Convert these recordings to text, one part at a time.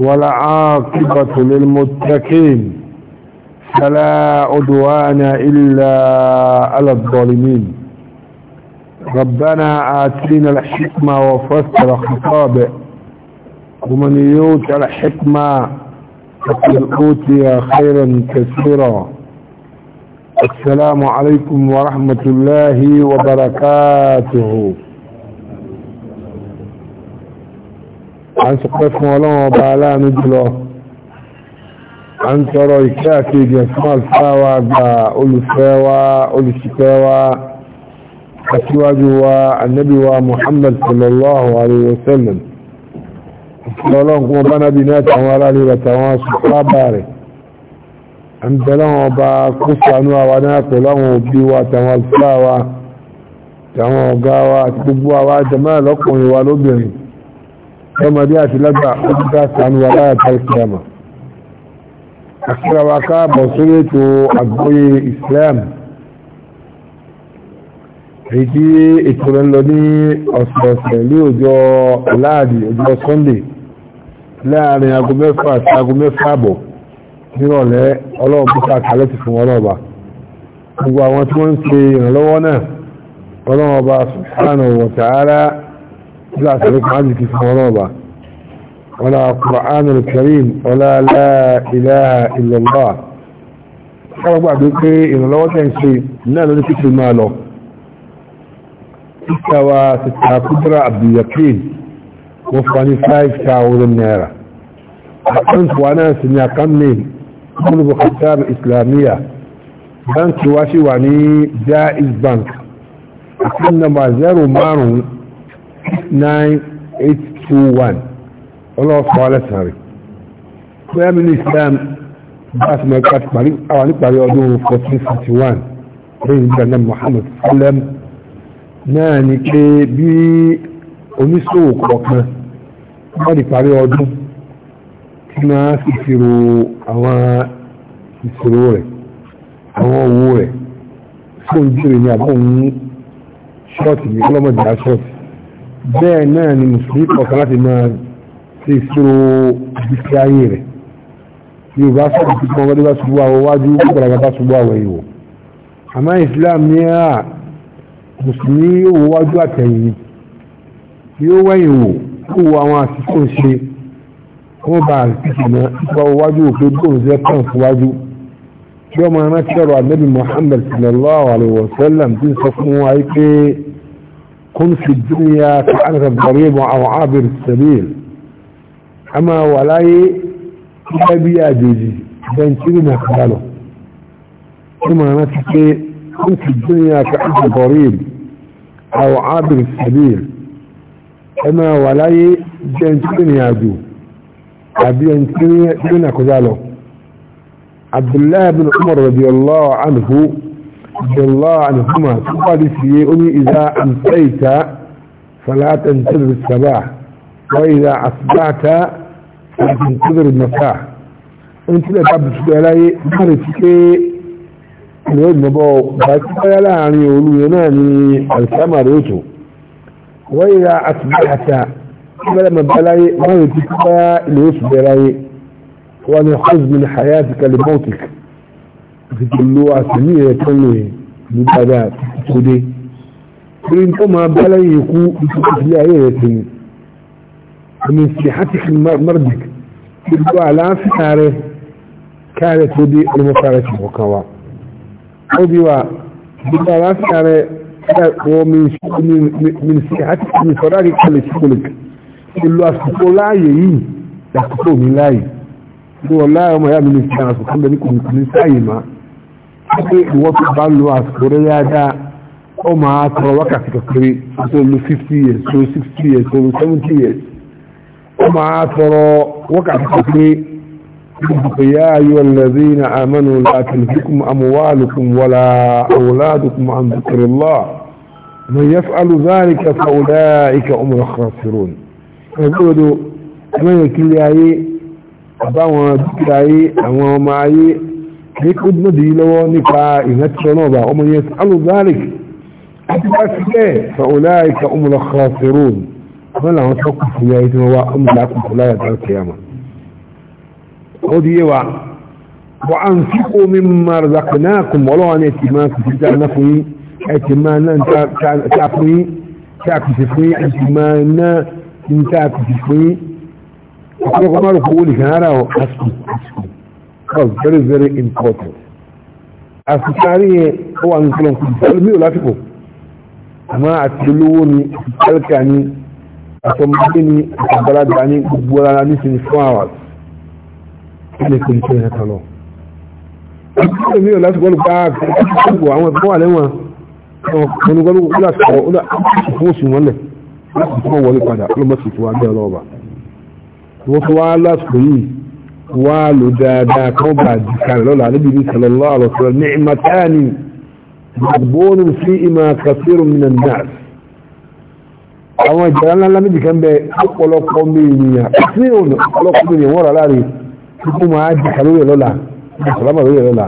والعاقبة للمتقين فلا عدوان إلا على الظالمين ربنا آتينا الحكمة وفسر خطابه ومن يوت الحكمة فقد أوتي خيرا كثيرا السلام عليكم ورحمة الله وبركاته à ń sọpẹ́ fún ọlọ́run ọba aláàánú jùlọ à ń tọrọ ìkẹ́ àti ìgẹ̀ fún àlùfáà wa gba olùfẹ́ wa olùṣìpẹ̀ wa aṣíwájú wa annabi wa muhammad sallallahu alaihi wasallam ọlọ́run kún ọba nábi ní àtàwọn aráàlú àtàwọn sọ́pàbà rẹ̀ à ń tẹ́lọ́run ọba kó ṣàánú àwa náà pẹ̀lú àwọn òbí wa àtàwọn àlùfáà wa àtàwọn ọ̀gá wa àti gbogbo àwa jẹ́mọ́ àlọ́kùnrin wa lóbìnrin ọmọdé àti lágbà ọdúnká sànúwà láyàtà ìsìlámà àkírawa káàbọ̀ sórí ètò àgbóyé islam èyí tí ètò rẹ̀ lọ ní ọ̀sẹ̀ọ̀sẹ̀ ní ọjọ́ láàdì ọjọ́ sunday láàrin aago mẹ́fà àti aago mẹ́fà àbọ̀ nírọ̀lẹ́ ọlọ́run bí sàkálẹ̀ ti fún ọlọ́ọ̀bà gbogbo àwọn tí wọ́n ń ṣe ìrànlọ́wọ́ náà ọlọ́run ọba subhanahu wa ta'ala لا سلك عزك سمرابا ولا قرآن الكريم ولا لا إله إلا الله قال بعد ذلك إن الله وتعين شيء لا لنفك الماله استوى ستة قدرة عبد اليقين وفاني فايف تعود النار أقلت وأنا سنيا قمني قبل بخطاب الإسلامية بنك واشي واني جائز بنك أقلنا ما زاروا مارو 69821 ọlọ́ọ̀fọ́ alẹ́sàn rẹ̀ bóyá mi ní islam bá ti mẹ́ta parí àwọn níparí ọdún 1441 lẹ́yìn ìgbà náà Muhammad sallam náà ni pé bí oníṣòwò kọ̀ọ̀kan bá ti parí ọdún tí máa sì ṣírò àwọn ìṣòro rẹ̀ àwọn owó rẹ̀ fún ìjírè ní àbọ̀ òun ṣọ́ọ̀tì ní ọlọ́mọdé ṣọ́ọ̀tì bẹ́ẹ̀ náà ni mùsùlùmí kọ̀ọ̀kan láti máa ṣe ìṣòro ìgbésí ayé rẹ̀ yorùbá sọ̀rọ̀ tí wọ́n bá ṣubú àwọ̀ wájú gbàràgà bá ṣubú àwọ̀ ìwò àmọ́ islam ní à mùsùlùmí yóò wọ wájú àtẹ̀yìn yóò wẹ̀yìn wò kó wo àwọn àṣìṣe òṣè wọ́n bá àṣìṣe náà nípa wájú òfin bóun jẹ́ kàn síwájú yóò máa rántí ọ̀rọ̀ ànábì muhammad sallallahu alayhi wa sallam tí sọ fún wa pé كن في الدنيا كأنك الضريب أو عابر السبيل أما ولاي إلا بياديجي بين كلمة خلاله كما نتكي كن في الدنيا كأنك الضريب أو عابر السبيل أما ولاي بين كلمة يدو أبين كلمة خلاله عبد الله بن عمر رضي الله عنه الله عنهما قال في إذا أمسيت فلا تنتظر الصباح وإذا أصبحت فلا تنتظر المساء أنت لا تبدو علي مارسك اليوم بو بس يعني يقولوا ينامي الكمر يوتو وإذا أصبحت فلا بلاي ما يتكبى اليوم بلاي وأن يخذ من حياتك لموتك àtìkò lo àtẹ̀mí rẹ̀ tó ń lò yẹn ló dáadáa tó dé torí tó máa bá lẹ́yìn ikú ìtòkìlẹ̀ ayé rẹ̀ tẹ̀yìn mardik gbogbo àlàáfíà rẹ̀ káàrẹ̀ tó dé olùmọ̀fà rẹ̀ tìbọ̀ kan wa ó bí wa gbogbo àlàáfíà rẹ̀ min sí hàtìkì mi sọ̀rọ̀ àríkàlẹ̀ sí kòlìkì ìlú àsìkò láàyè yìí àsìkò mi láàyè bí wọ́n láàrín ọmọ ìyá mi lè fi àṣọ kan bẹ̀rẹ̀ kò ní sáyè má pé ìwọ́n tó bá lo àsìkò rẹ̀ dáadáa ó máa tọrọ wákàtí kékeré tó lo fifty years tó lo sixty years tó lo seventy years ó máa tọrọ wákàtí kékeré يا أيها الذين آمنوا لا تلهكم أموالكم ولا أولادكم عن ذكر الله من يفعل ذلك فأولئك هم الخاسرون يقولوا ما يكلي àbáwọn dúkìá ayé àwọn ọmọ ayé ní kó dínàdì lọ́wọ́ nípa ìrántí ọ̀nà ọba ọmọ yẹn alùbárik àti bá ti bẹ́ẹ̀ fàọlá ìka ọmọlọ kọfẹrún wọn làwọn tó kù fún yáyé tí wọn wá ọmọlá kù fún láyà tó kẹyà mọ. ó di yé wa wọ́n á ń fi omi mara zakanaa kùn mọ́lọ́wọ́ ní ẹ̀tì máa kùsì tá a ná fún yín ẹ̀tì máa ná tá a fún yín tá a kùsì fún yín ẹ̀tì máa ná tá a kùsì fún yín. ọ̀pọ̀ kọ́ márùn fún wòlì kan ara was very very important àsìkárí yẹn ó wà ní kọlọ̀n kùn ìfẹ́ mi ò lásìkò àmọ́ àti olówó ni àtìkálíkà ni àtọmọdé ni àtàgbàlagbà ni gbogbo ara ní sinmi four hours kí ni kò ní kí ni kan lọ ìpínlẹ̀ mi ò lásìkò ló bá àgbẹ̀kọ̀ àwọn ẹ̀kọ́ wà lẹ́wọ̀n ọ̀nà kọ́nùkọ́nù ó lásìkò ó lásìkò fún òsùn wọn lẹ̀ láti fún ọwọ́lé padà ó lọ́mọ́sì fún wa bẹ́ẹ̀ lọ́ọ̀bà wọ́n fi wá lásìkò yìí wá lò dáadáa kan bá jìkan lọ́la níbi ní sàlọ́lá àlọ́sọ̀rọ̀ ní ìmọ̀táàní gbogbo sí ìmọ̀ kàfírùn mi nàn náà àwọn ìjọra ńlá méjì kan bẹ ọ̀pọ̀lọpọ̀ mi ènìyàn sí ònà ọ̀pọ̀lọpọ̀ mi ènìyàn wọ́n rà láàrin kíkún máa jìkan lórí lọ́la ìsàlámà lórí lọ́la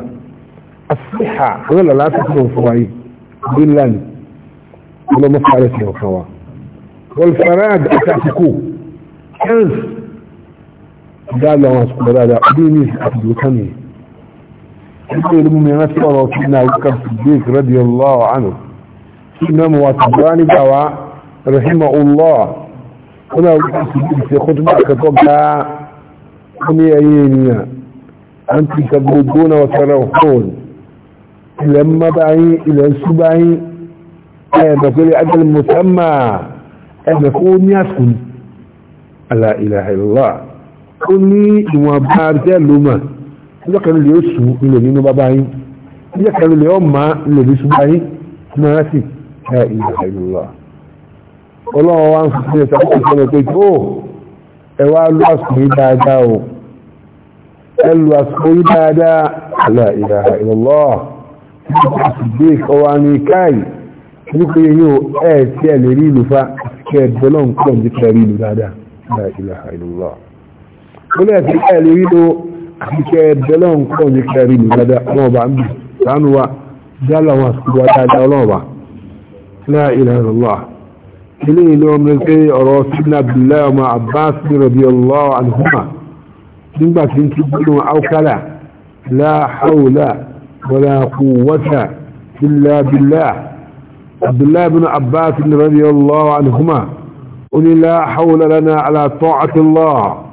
asíhà lórí lọ́la láti fún wa yìí greenland ọlọ́mọ fàárẹ̀ sí ọ̀kan wa wọ́n fàárẹ̀ àtàkùkù kẹ́ǹsì قال له واسكو بلالا قديني أبدو كمي يقول لهم ينسي الله سيدنا وكر صديق رضي الله عنه سيدنا مواسباني قوا رحمه الله هنا وكر صديق في خطبة كتبها قمي أيينيا أنت تبودون وتروحون لما بعي إلى السبعي أي بقول أجل مسمى أي بقول يسكن لا إله إلا الله ó ní ìwọ̀n bá bẹ́ẹ̀ ló mà níjọ́ kan lè oṣù ilẹ̀ nínú bàbá yín níjọ́ kan lè ọ̀mà lè ní ṣùgbọ́n yín ọmọ rẹ̀ sì ẹ̀ ìyá ìlúwa ọlọ́run wa ń fi sílẹ̀ sọ́kùn ìṣẹ̀lẹ̀ pé ó ẹ wá lọ àsìkò yín dáadáa o ẹ lọ àsìkò yín dáadáa àlà ìyá ìlúwa nígbà tí dé ọwọ́ ní káì nípa ẹ̀ tí ẹ lè rí ìlú fa kẹ́ nǹkan jẹ́ kẹ́ ìlú dáadáa àlà ìyá ولا في قال يريدوا حكاية دلون كون يكارين غدا موبا عمد تانوا جالا واسكوا تانا لوبا لا إله إلا الله إليه نوم لكي أروس ابن عبد الله وما عباس رضي الله عنهما من بعد إن تبقلوا أو كلا لا حول ولا قوة إلا بالله عبد الله بن عباس رضي الله عنهما قل لا حول لنا على طاعة الله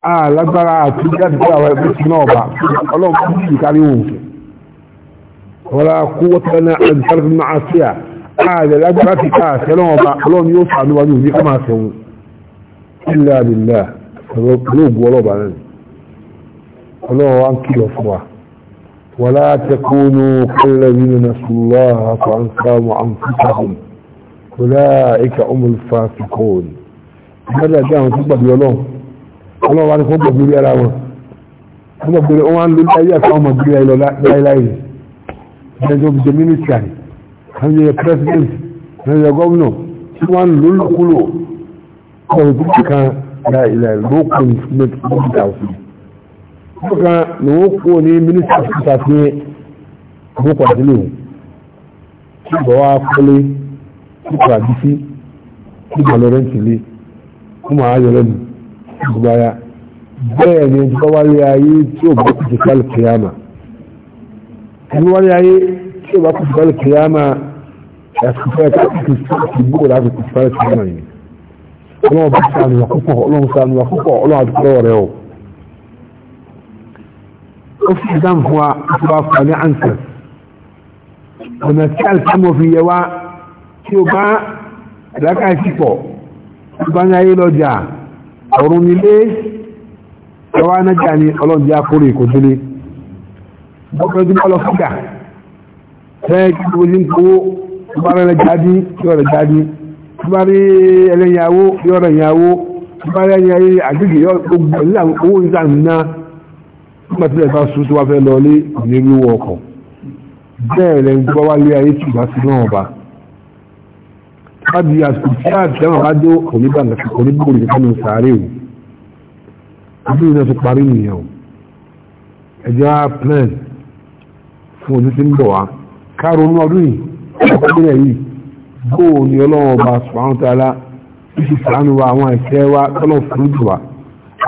alágbára àti jáde pé àwọn ẹgbẹ́ ti náà bá ọlọ́run kú sí ìkárí òun wọ́n kú wọ́tẹ́ náà ẹgbẹ́ máa sí à ààrẹ lágbára ti ká àṣẹ náà bá ọlọ́run yóò fà níwájú òní ká máa sẹ́wọ̀n ilẹ̀ àdìlẹ̀ olóògùn ọlọ́ba náà ọlọ́run wa ń kìlọ̀ fún wa wọ́n láti kúnnú kọ́lẹ̀ nínú nasùlọ́ àpá ń sáwọn àǹfààní wọ́n láì ká ọmọ ìfà fi kọ́ òní ọlọ́wà ní fún gbogbo ara wọn ọmọ gbogbo wọn ń lórí ayé ọmọ gbogbo ayé láìláì ẹjọ́ bìjẹ́ mínísítì àwọn yẹ pírẹsidẹ́ntì àwọn yẹ gọ́ọ̀nà tí wọ́n lò lókúlò ọ̀rọ̀ tó ti kan láìláì lókun mẹ́tìkọ́bìtà òfin lọ́kàn ni wọ́n kú ní mínísítì kíkà sí àwọn pàdínlẹ̀ tí bọ́wá fọ́lé kíkà àdísí kíkà lọ́rẹ́ntì lé wọ́n máa yọ lẹ́nu gbaya bẹ́ẹ̀ ni ẹni tó wáyé ayé tí ó bá kùtù pálí kìyàmà ẹni wáyé ayé tí ó bá kùtù pálí kìyàmà ẹ̀sùn fẹ́ kí kìí bó láti kùtù pálí kìyàmà yìí ọlọ́run bá sànù wà púpọ̀ ọlọ́run sànù wà púpọ̀ ọlọ́run àdúgbò rẹ̀ o ó fi dáhùn fún wa ó fi wá ní àǹsẹ̀ ọ̀nà tí àlùkámọ̀ fi yẹ wá tí ó bá ìdákàá ìsìpọ̀ tó bá ní ayé lọ́jà ọ̀run nílé ẹwà nájà ni ọlọ́dí akóró ìkòjúlé bọ́kẹ́júmọ́ lọ fúgà tẹ́ẹ̀kì tó jí ń kówó tó bá rẹ̀ jáde yóò rẹ̀ jáde tó bá rí ẹlẹ́yàwó yóò rẹ̀ yàwó tó bá rẹ̀ yàwó àgbègbè yóò gbogbo nílà owó níta nìna nígbà tí tó wá fẹ́ lé ayé tùbá sí náà ọba káàdì àsìkò tí àjẹmọ̀ bá dé onígbàgbà onígbòrò nínú sàárè o àbúrò náà ti parí nìyẹn o ẹjọ́ á plan fún ojú tí ń bọ̀ wá káàrò ní ọdún yìí ọdún yìí bóò ni ọlọ́wọ́ bá sùpàrún tààlà títí sàánù wa àwọn ẹ̀ṣẹ̀ wa tọ́lọ̀ fún jù wa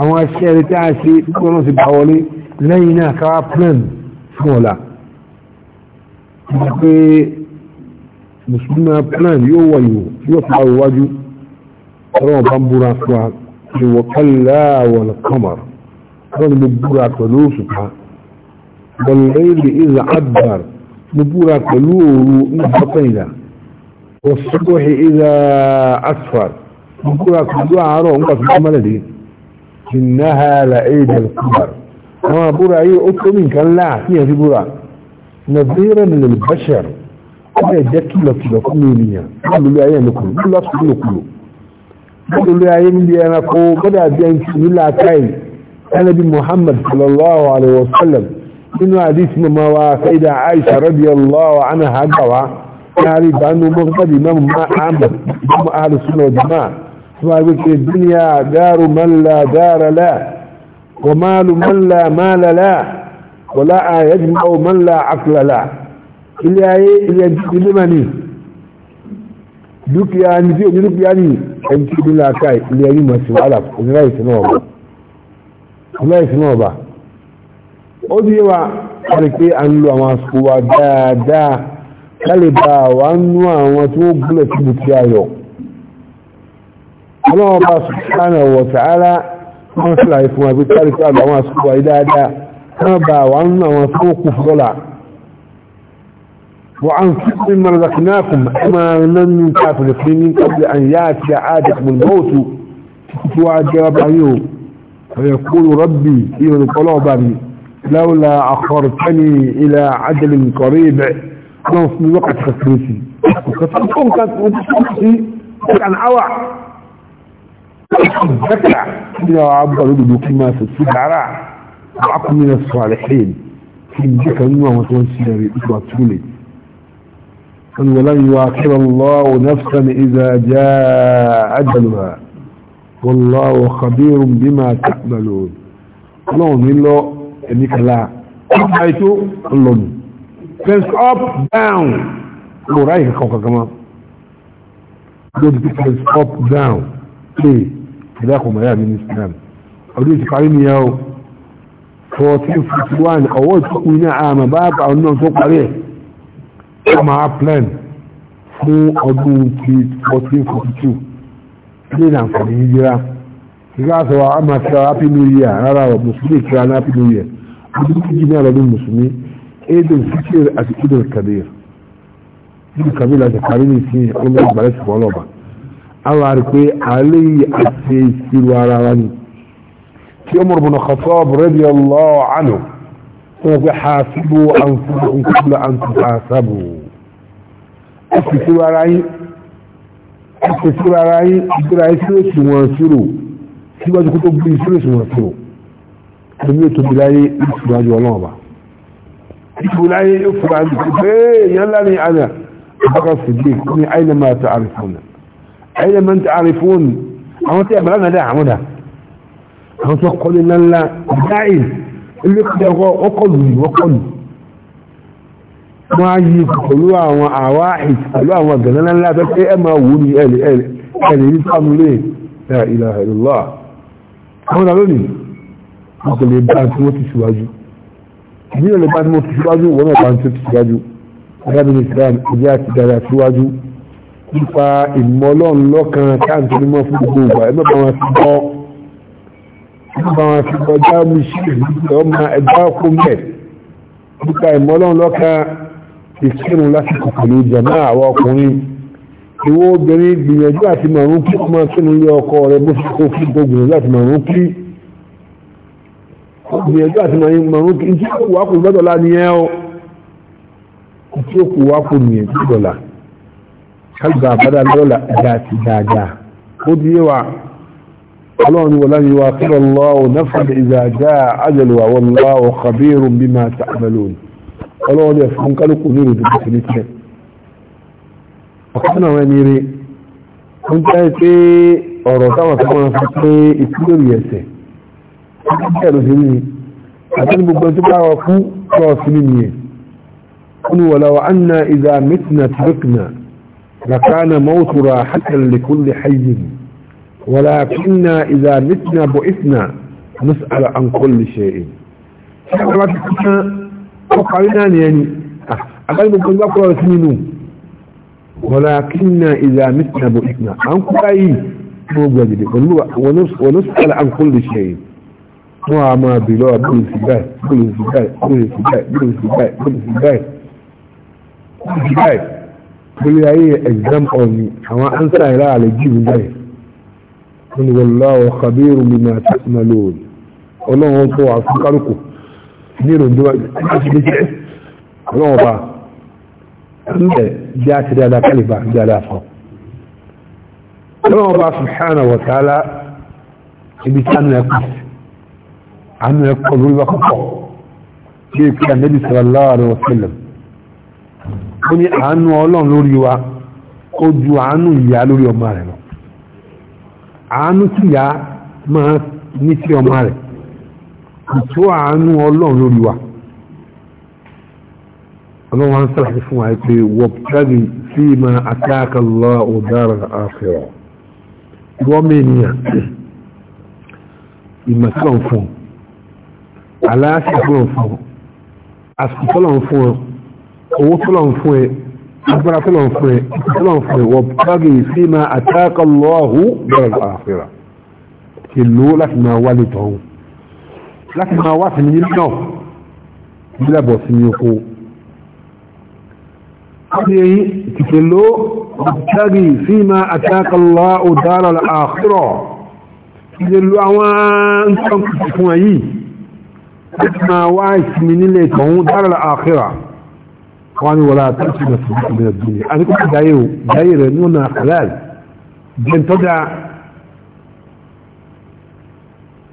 àwọn ẹ̀ṣẹ̀ rẹ̀ tí a ṣe tí ti bá wọlé lẹ́yìn náà káwá plan fún ọ̀la mùsùlùmí náà plan yóò wà yìí yóò fi àwọn iwájú ọlọ́run bá ń búra fún wa ni wọ́n kálá wọ́n kọ́mà ọlọ́run mo búra pẹ̀lú òṣùpá wọ́lẹ́ ilé ìzà adbar mo búra pẹ̀lú òru nígbà pẹ̀yìndà wọ́n sọ́kọ̀hì ìzà asfar mo búra pẹ̀lú àárọ̀ nígbà tó kọ́ mẹ́lẹ̀dẹ́ ìnáhà làẹ́dẹ̀ kọ́mà àwọn àbúrò ayé ó tó nìkan láà níyànjú búra محمد صلى الله عليه وسلم من حديث ما وافد عائشه رضي الله عنها قال قالي بانه مقتدي من محمد ثم اهل السنه والجماعه فاقول الدنيا دار من لا دار لا ومال من لا مال لا ولا يجمع من لا عقل لا ilé ayé ilé ilé mani dúkìá ní tí òní dúkìá ní ẹni tí ìdílé aká ilé ayé mọ̀ sí wàhálà onírà ìsinú ọba onírà ìsinú ọba ó di yé wa a rí pé à ń lo àwọn àsìkò wa dáadáa lálébà wa ń nú àwọn tí wọ́n gúnlẹ̀ sí bùkí ayọ̀ ọlọ́wọ́ bá subhanahu wa ta'ala wọ́n sì láì fún wa pé kárí pé àwọn àsìkò wa yìí dáadáa wọ́n bá wa ń nú àwọn tí wọ́n kù fún dọ́là وعن فكر ما رزقناكم أما لم كافر الاثنين قبل أن يأتي عادكم الموت وعجب عليهم أيوه. فيقول ربي إذن قلوبا لولا أخرتني إلى عدل قريب خلص في وقت خسرتي وخسرتكم كانت متخصصي كان أوع يا عبد عبر كما في تسيب معكم من الصالحين في الجحر ما هو تنسي لي ولن يواكب الله نفسا إذا جاء أجلها والله خبير بما تعملون لون يلو انك لا ايتو لون fence up down lo rai ka kawka kama go to fence up down play kida ko maya min islam awdu ti kari ni yawo 1441 awol ko ina ama baba onno so kare wọ́n máa plan fún ọdún ti 1442 ní ìlànfààní yíyíra ìgbà àtọwà a máa kíra happy new year rárá ọ̀ mùsùlùmí kíra ní happy new year ọdún tó jí ní ọdún mùsùlùmí aidul fitr àti idul kabir idul kabir àti kabir ní ìsìn ọmọ ìgbàlẹ̀ sí fọlọ́ba àwọn àrípé àlẹ́ yìí àti ìṣirò ara wa tí ó mọ̀rọ̀ bọ̀nà khattab radiyallahu anhu wọ́n fi hasibu àǹfààní nkúlọ àǹtùkọ̀ àṣàbò ẹ̀sì síwára yín ẹ̀sì síwára yín ìgbéra yín sí èsì wọn sírò síwájú kó tó gbé sí èsì wọn sírò ẹ̀mí ètò ìbílẹ̀ ayé ìsìnwájú ọlọ́ọ̀bà ìsìnwájú ayé ìfura ní pé èèyàn ńlá ní àná àbákan sìdí ní àyìnlẹ̀ máa ta àrífọ́n àyìnlẹ̀ ta àrífọ́n àwọn tí a bàlá náà àwọn dà àwọn tó kọ́lé ńláńlá dáìsì ilé kọjá ọkọlù yìí wọ́kọlù wọ́n á yí pẹ̀lú àwọn àwá pẹ̀lú àwọn gẹ̀lẹ́lẹ́ ńlá tó pé ẹ máa wù ní ẹ̀lẹ̀ ẹ̀lẹ̀ ní sàmúlé ìlàhẹ̀lọ́lá àwọn ọ̀dà lónìí wọ́n kò lè bá tí wọ́n ti síwájú ní ọ̀lẹ́ bá tí wọ́n ti síwájú wọ́n náà bá tí wọ́n ti síwájú adábí ní nígbà wọn fi kọjá mi sí ọmọ ẹgbẹ́ kó mẹ́ nípa ìmọ́lọ́n lọ́ka ìkírun lásìkò pẹ̀lú jẹ̀mọ́ àwọn ọkùnrin ìwọ obìnrin gbìyànjú àti màrún kí ọmọ kínú ilé ọkọ rẹ bó fi kó fún gbogbo láti màrún kí gbìyànjú àti màrún kí tí ó wà kù lọ́dọ̀lá ni ẹ́ ọ́ tí ó kù lọ́dọ̀lá kálùbà àbádá lọ́dọ̀lá قالوا ولن يواخر الله نفسا إذا جاء أجلها والله خبير بما تعملون قالوا لي فهم قالوا قدروا بمثلتك وكان وانيري كنت أتي أوروتا وكما فتي إتنور يسي قالوا سيني أتني بقلت بقى وفو قلوا ولو أن إذا متنا تركنا لكان موت راحة لكل حي ولكننا إذا متنا بعثنا نسأل عن كل شيء وقالنا يعني أقل من كل أقوى سنين ولكننا إذا متنا بعثنا عن كل شيء موجود ونسأل عن كل شيء وما بلا كل سباة كل سباة كل سباة كل سباة كل سباة كل سباة كل أي exam on أما أنسى إلى على الجيب جاي قل والله خبير بما تعملون ọlọ́run tó wà fún kálùkù ní ìròyìn láti lè jẹ́ ọlọ́run bá ẹ̀ jẹ́ àti dáadáa kálìbà jẹ́ aláàfọ́ ọlọ́run bá subhanahu wa ta'ala ibi tí àánú ẹ̀kọ́ àánú ẹ̀kọ́ lórí bá kọ́kọ́ bí i pé ànẹ́bí sallallahu alaihi wa sallam ó ní àánú ọlọ́run lórí wa ó ju àánú ìyá lórí ọmọ rẹ̀ lọ àánú tìyá máa ní sí ọmọ rẹ̀ ìtú àánú ọlọ́run lórí wa ọlọ́run wọn sàlàyé fún wa pé wọ́pẹ́lì sí máa àtàkàlọ́ ọ̀dára àfẹ́rọ̀ ìwọ́mọ ènìyàn ìmọ̀sílọ̀ fún aláṣẹ fún ọ̀fún àsìkò tọ́lọ̀ fún owó tọ́lọ̀ fún ẹ agbára tọ́lọ̀ fẹ́ wọ bági sí ma àtàkà lọ́hù bẹ̀rẹ̀ àfẹ́ra ìlú láti máa wá lè tọ́hù láti máa wá sí ní náà bílẹ̀bọ̀ sí ní oko ọdún yẹn tìkẹ̀ ló bági sí ma àwọn nǹkan fún ẹ̀yí láti máa wá ìsinmi nílẹ̀ tọ́hù dára àfẹ́ra kawani wala tarci na su duk da duniya a duk da yau jayyar nuna halal jin to da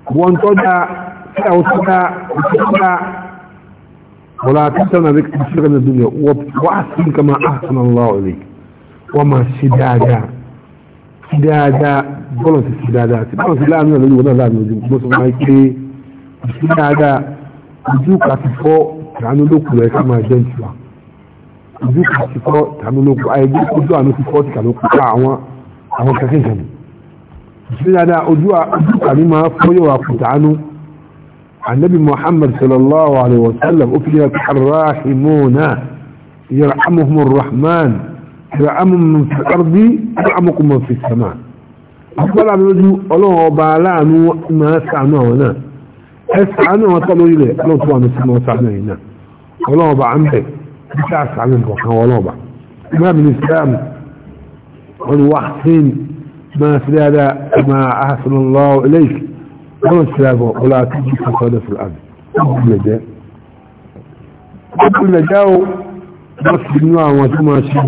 kuwan to da sau to da su da wala tarci na duk da na duniya wa asin kama ahsan Allah alaik wa ma shidada shidada bolon ta shidada ti bolon ta lanu na lori lanu jin kuma su mai ke shidada ojú kàti fọ́ ìránú lókùnrin ká máa jẹ́ ìtura ojú kan ti kọ́ tàbí ológun àìgbé ojú àánú ti kọ́ ti kàló kúkà àwọn àwọn kankan kan ṣe dáadáa ojú kàní máa fọyọ̀ àkùtàánú annabi muhammad sallallahu alaihi wa sallam ó fi jẹ́ arrahimuna yarhamuhum arrahman yarhamuhum fi ardi yarhamuhum fi sama agbára mi lójú ọlọ́run ọba aláàánú máa sàánú àwọn náà ẹ sàánú àwọn tọ́lórí rẹ̀ ọlọ́run tó wà ní sàánú ọ̀sán náà ọlọ́run ọba à ń bẹ̀rẹ̀ bí ká sàánù kọ̀ọ̀kan wọn náà bá imam islam wọn wá sin máa fi dáadáa máa ahsanallahu ilayk wọn sì rà bọ̀ ọlá tó jí kan sọ́dọ̀ fún àmì ọkùn lè jẹ́ ọkùn lè jẹ́ o wọ́n sì nú àwọn tó máa ṣe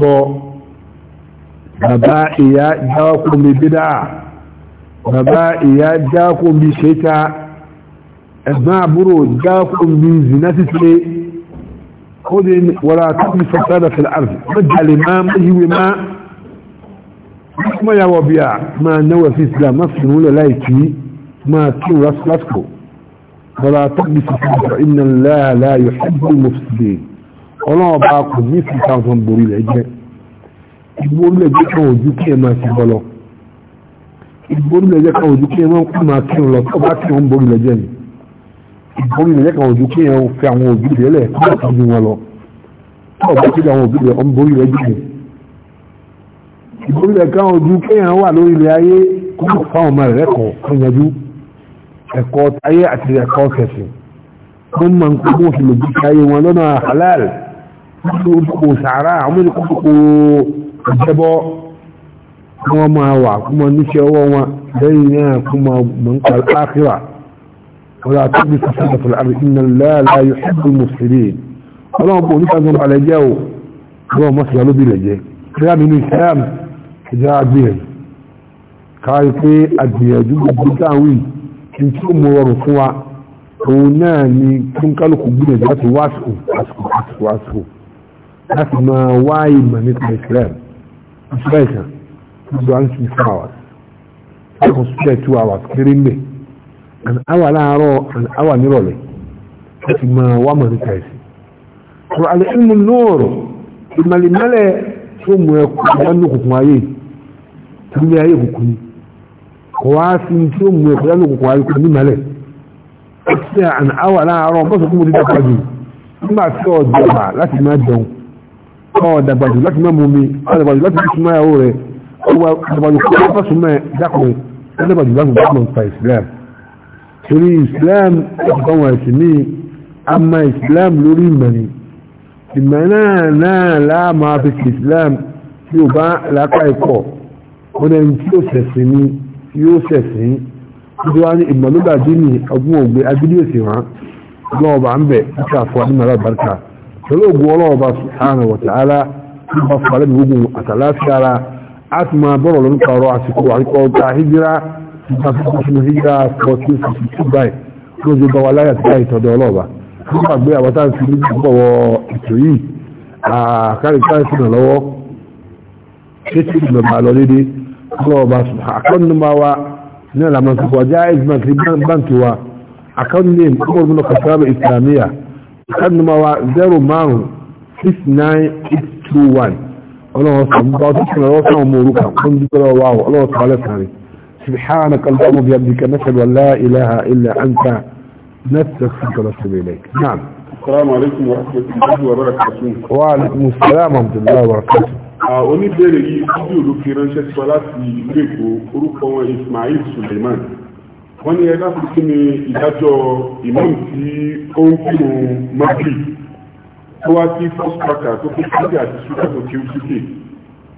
àbúrò jáwọ́kùn mi zìnà sísè خذ ولا تبني فساد في الأرض رجع ما يوي ما ما يا وبيع ما نوى في إسلام ما في ولا لايكي ما كيو راس لاسكو ولا تبني فساد فإن الله لا يحب المفسدين ولا باكم مثل كان بوري لجي ìgbórí lẹ́jẹ́ kan ojú kí ẹ máa ti bọ́ lọ ìgbórí lẹ́jẹ́ kan ojú kí ẹ máa kú máa kí ń lọ tó bá kí ń borí lẹ́jẹ́ yìí ìbọn ilẹ̀ kan ojú kí ẹ̀hún fẹ́ àwọn òbí rẹ̀ lẹ̀ kí wọ́n tọ́jú wọn lọ tó bá kí àwọn òbí rẹ̀ ọmọ borí rẹ̀ jù ìbọn ilẹ̀ kan ojú kí ẹ̀hún wà lórí ilẹ̀ ayé kó mọ̀ fáwọn ọmọ rẹ̀ lẹ́kọ̀ọ́ tó yanjú ẹ̀kọ́ ayé àti ẹ̀kọ́ kẹsì tó máa ń kó bóun fi lè bí ayé wọn lọ́nà halal kó kó sàárà àwọn ènìyàn kó kó ìjẹ́bọ́ kí wọ́n máa wà kó máa níṣẹ́ ọwọ́ wọn lẹ́yìn náà kó máa mọ̀ ń pa ولا تقضي فسادة في إن الله لا يحب المفسدين اللهم بقول لك أنهم على جاو اللهم أسلع له بلا جاو قيام الإسلام جاء الدين قال في الدياجو الدكاوي إن كم ورسوع هناني كم قالوا كبيرة جاءت واسكو واسكو واسكو واسكو هذا واي من الإسلام أسلعيك كبيرة عن سنساوات أخو سنساوات كريمي an awa láàárọ̀ an awa nírọ̀lẹ́ láti ma wá mọ̀ níta ẹ̀sì ọ̀rọ̀ alẹ́sìnmù lóòrò ìmàlìmálẹ̀ tó mú ẹkù lánà òkùnkùn ayé ilé ayé òkùnkùn ni kò wá sí tí ó mú ẹkù lánà òkùnkùn ayé kò ní malẹ̀ ṣe an awa láàárọ̀ bọ́sọ̀ tó mú ní dàgbà jù nígbà tí ó dàgbà láti má jẹun ó dàgbà jù láti má mumi ó dàgbà jù láti má súnmọ́ ìyàwó rẹ̀ ó dàgbà jù kó má súnmọ́ ìdákùnrin ó dàgbà jù láti má mọ̀ nípa ìsìlẹ̀ torí islam ọ̀gbọ̀n ẹ̀sìn ní àmà islam lórí ìmọ̀ni naa náà náà láàmà fi islam tí ó bá lápá ikọ̀ wọ́n tí ó sẹ̀sìn ní yóò sẹ̀sìn tí wọ́n ní ìmọ̀ ní ọgbọ́n ògbé agídí òsì wọn lọ́ọ̀bà ń bẹ̀ mara nípa tó kọ́ sínú hígbà fourteen fifty two báyìí ló ṣe bá wa láyà tí láì tọ́jú ọlọ́ọ̀bà fún àgbé àwọn tá à ń fi nígbà bọ̀wọ̀ ètò yìí àkárí tá à ń fi ràn lọ́wọ́ ṣé tí ìgbà máa lọ dédé ọlọ́ọ̀bà àkọ́nù máa wa ní àlàmà tó kọjá ìgbìmọ̀ kiri báńkì wa àkọ́nù ní ìmọ̀ ìmọ̀ kọ̀sáàbà ìsìlámíyà àkọ́nù máa wa zero márùn six nine eight two one ọlọ́wọ́ sọ̀rọ̀ ọmọ orúkà fún dúpẹ́ lọ́wọ́ ọlọ́wọ́ sọ̀rọ̀ سبحانك اللهم بيبدك نشهد ولا إله إلا أنت نفسك سنك نشهد إليك نعم السلام عليكم ورحمة الله وبركاته وعليكم السلام ورحمة الله وبركاته أولي بيري فيديو لكيران شخص صلاة ليكو روكا سليمان واني أغاف لكني إجاجو إمام في قنقل مكي هو أتي فوس بكا تقول لكي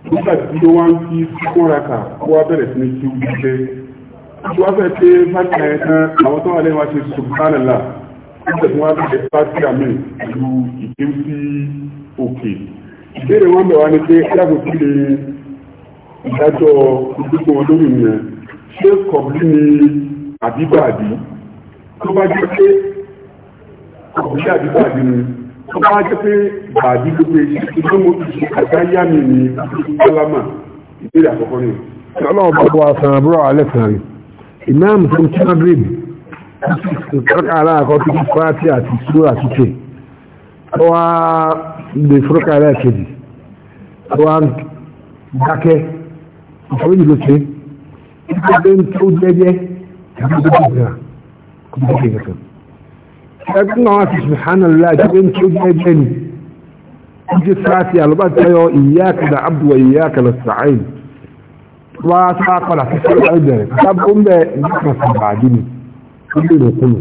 nígbà tí ó wá ń kí fúnra kà kó wá bẹ̀rẹ̀ sí ní kí ó gbé tí wọ́n fẹ́ pé fásitì ẹ̀ tán àwọn tó wà lẹ́yìn wá ṣe subhanallah nígbà tí wọ́n bẹ̀rẹ̀ fásitì àmì ìlú ìkéwù sí òkè ìbéèrè wọn bẹ̀ wá ní pé ẹ̀dàkùn sí lè ìdájọ́ ìdúgbò wọn lórí ìyẹn ṣé kọ̀bí ni àbíbàdí tó bá jẹ́ pé kọ̀bí àbíbàdí ni tó bá jẹ́ pé bàbí gbogbo èyí tó mú àgbáyá mi ní sálámà ìbéèrè àkọ́kọ́ ni. ọlọ́run bá bọ́ àṣà àbúrò alẹ́ sàn rí ìmáàmù tó ń tí madrid ìkọ́kà aláàkọ́ tó ti fáàtì àti sùúrù àtúnṣe tó wá lè fúrúkà aláàkejì tó wá dákẹ́ ìfọwọ́jì ló ṣe ìgbàgbé tó jẹ́jẹ́ tàbí tó ti gbà tó ti kan ẹgbẹ́ náà wá sí subhanallah àti ẹni tó jẹ́ ẹgbẹ́ ni ó jẹ́ sáàtì àlùbátayọ iyyaka na'budu wa iyyaka nasta'in wá sáà padà sí sọ́dọ̀ ìbẹ̀rẹ̀ sábà ó ń bẹ nípa sàbàdì ni ó lè rò kúnnù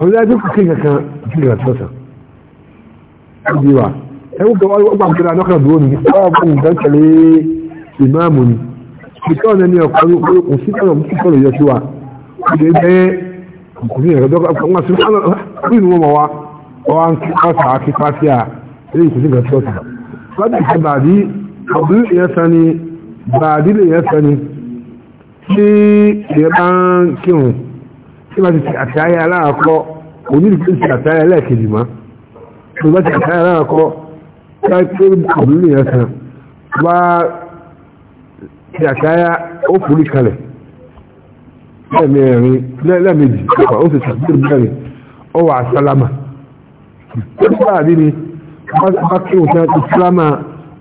ọ̀rẹ́ dájú kò kí sí ìrìn yọ sí wa ó kùkùrú yẹn lọ́dọ́ ọmọ sí ọdún ìwọ̀n mọ̀ wá ọwọ́ ọ̀sà àti pàṣẹ à ilé ìkùsí nǹkan tí ó tà lọ́dún ìṣe bàdí ọdún ìyẹn sàn ni bàdí lè yẹn sàn ni tí ìyẹn bá ń kírun tí wọ́n ti ti àtàyè aláàkọ́ onídìí ti àtàyè aláàkejì mọ́ tí wọ́n ti àtàyè aláàkọ́ tí ọdún ìyẹn sàn wá ti àtàyè ó forí kalẹ̀ lẹ́ẹ̀mẹ́rin lẹ́ẹ̀mejì ó sì sàbílẹ̀ mẹ́rin ó wà sálámà nígbà àbí ni bá kí òun tán ti sálámà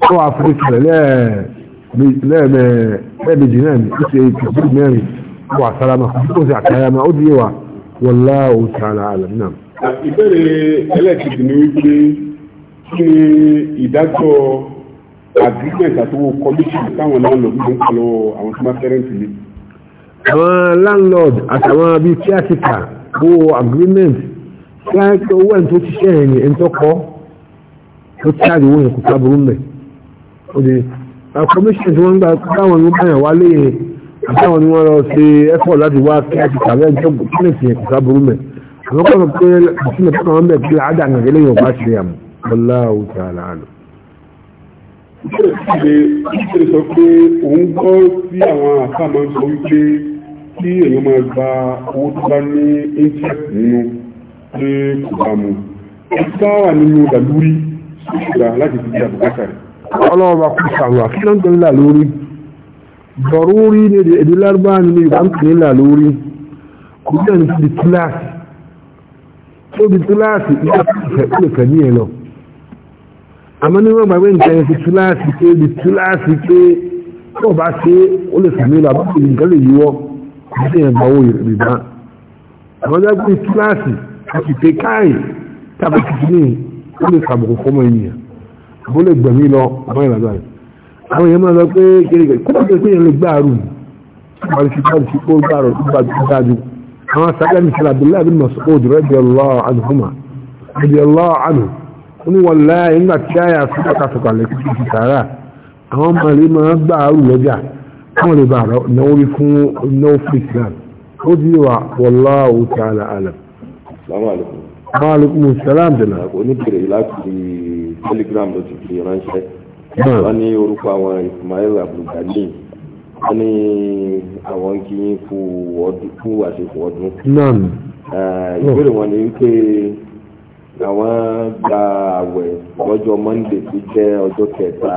ó wà fún ìṣẹ̀lẹ̀ lẹ́ẹ̀mejì náà ni ó sì sàbílẹ̀ mẹ́rin ó wà sálámà ó sì àtàyàmà ó dìé wà wallahu ta'ala alam náà. ìbéèrè ẹlẹ́kìtì ni wípé ṣé ìdájọ́ agreement àtọwọ́ commission táwọn náà lọ gbọ́n pẹ̀lú àwọn tó máa fẹ́rẹ̀ǹtì yìí àwọn landlord àtàwọn bíi caretaker owó agreement tí a tó owó ẹni tó ti ṣe ẹ̀yìn ẹni tó kọ́ tó tí àdé owó yẹn kò sábúrú mẹ́ o commission tí wọ́n gbà báwọn ló báyàn wá lé àtàwọn ni wọ́n lọ ṣe effort láti wá caretaker rẹ̀ tó tenant yẹn kò sábúrú mẹ́ àwọn kọ́ lọ pé àtúnlẹ̀ tó kàn bẹ̀ pé àdá àgbẹ̀ lẹ́yìn ọba ṣe àmọ́ Allahu ta'ala àlọ́ ṣe sọ pé òun gbọ́ sí àwọn àfàmọ́ sọ wípé kí èèyàn máa gba owó tó bá ní interest nínú pé kò bá mu ìta wà nínú làlúrí ṣùgbọ́n láti fi jẹ́ bùkátà rẹ̀. ọlọ́run bá kú sàrò àkílọ́ ń tẹ̀lé làlúrí dọ̀rúrí ní èdè lárúbá nínú ìgbà ń tẹ̀lé làlúrí kò bí ẹni ti di kíláàsì tó di kíláàsì ìgbà tó lè fẹ̀mí ẹ̀ lọ. àmọ́ ní wọ́n gbàgbé nǹkan ẹ̀ ti kíláàsì pé di kíláàsì pé tó bá ṣe ó lè fẹ̀mí lọ àbúkù nǹkan lè yíwọ́ àti ẹ̀gbà owó ìrìbá àwọn dágbé kíláàsì àti pé káàyè tàbí kìíní ó lè sàbùkù fọmọ ènìyàn àbó lè gbẹ̀mí lọ àwọn ìlànà rẹ̀ àwọn èèyàn máa lọ pé kéèké kókò tó kéèyàn lè gbà àrùn àwọn ìfi káàdì sí kó gbà àrùn gbà tó dájú àwọn sàgbà mi sàlà abdullahi bin masoud rẹbi allah anhuma rẹbi allah anhu ní wọn láàyè nígbà tí àyà fún ọkà sọkàlẹ kí ti sàrà àwọn ọmọ rẹ máa gbà àrùn lọ́jà kawai ba na wuri fún náà fún islam ó ti yi wa wallahu ta'ala alam salamu alaikum wa alaikum salam da na kò ní kiri láti telegram ló ti fi ránṣẹ́ wọ́n ní orúkọ àwọn ismail abdulgani wọ́n ní àwọn kì í fún àṣepọ̀ ọdún ìbéèrè wọn ni wípé àwọn gba àwẹ̀ lọ́jọ́ monday tó jẹ́ ọjọ́ kẹta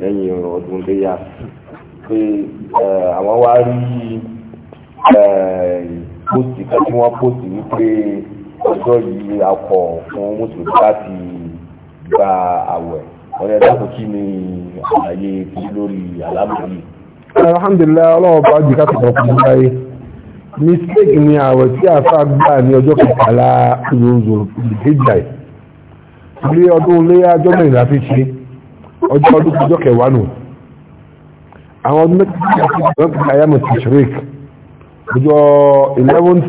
lẹ́yìn ọdún léyà pé àwọn wá rí pósìtì kan tí wọ́n pósìtì wípé ọjọ́ yìí akọ̀ fún mùsùlùmí láti gba àwẹ̀ wọ́n yẹ dákò kí ni àlàyé kí lórí àlámọ̀rí. alhamdulilayi ọlọ́wọ́ bá jù káàkiri ọkùnrin báyìí mistake ni àwẹ̀ tí àfa gbà ní ọjọ́ kẹtàlá oṣooṣù ìdíjà ilé ọdún léyà ọjọ́ mẹ́rin láti ṣe ọjọ́ ọdún ọjọ́ kẹwàá nù àwọn ọdún mẹ́tàlá ayámọ̀ ti ṣeréèk ọjọ́ 11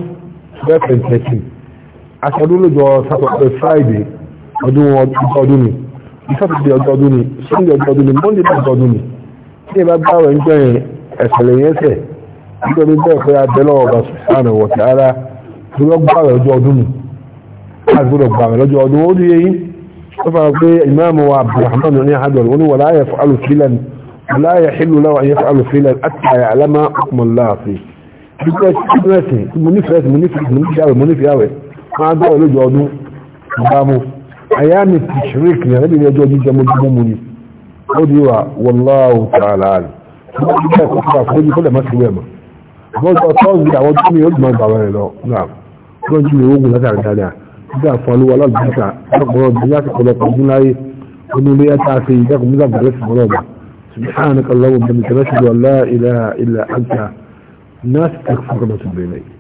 12 and 13 aṣọ́dún lójọ́ saturday friday ọdún ọdún ni saturday ọjọ́ ọdún ni sunday ọjọ́ ọdún ni monday ọjọ́ ọdún ni tí ìbá bá rẹ̀ ń gbẹ̀yìn ẹ̀sẹ̀lẹ̀ yẹn sẹ̀ nítorí bẹ́ẹ̀ pé abẹ́lẹ̀ ọba sùsánà wọ̀tí ara tó lọ gbà rẹ̀ lọ́jọ́ ọdún ni a gbọ́dọ̀ gbà rẹ̀ lọ́jọ́ ọdún ó dúyẹ yìí ó fara pé ìmáàmù wa abdulrahman ní àádọ́rùn ó ní wàlá ayẹ̀fọ́ alùsílẹ̀ ni لا يحل له أن يفعل فينا حتى يعلم حكم الله فيه منفرد منفرد منفرد منفرد منفرد ما عنده له جوده قاموا أيام التشريك يا ربي يا جودي جمجموني خذوا والله تعالى خذوا كل ما سوى ما gbọ́dọ̀ tọ́sí àwọn tó ní olùmọ̀ ìgbàwọ̀ rẹ̀ lọ náà lọ́jọ́ ìwé ogun látàrí dáadáa nígbà fún alówó alágbèéká lọ́pọ̀lọpọ̀ láti pọ̀lọpọ̀ ọdún láyé onílé ẹ̀ta àti ìjẹ́kùn múlá bẹ̀rẹ̀ sí mọ́lọ́gbà سبحانك اللهم بحمدك اشهد ان لا اله الا انت ناس تكفر رسول اليك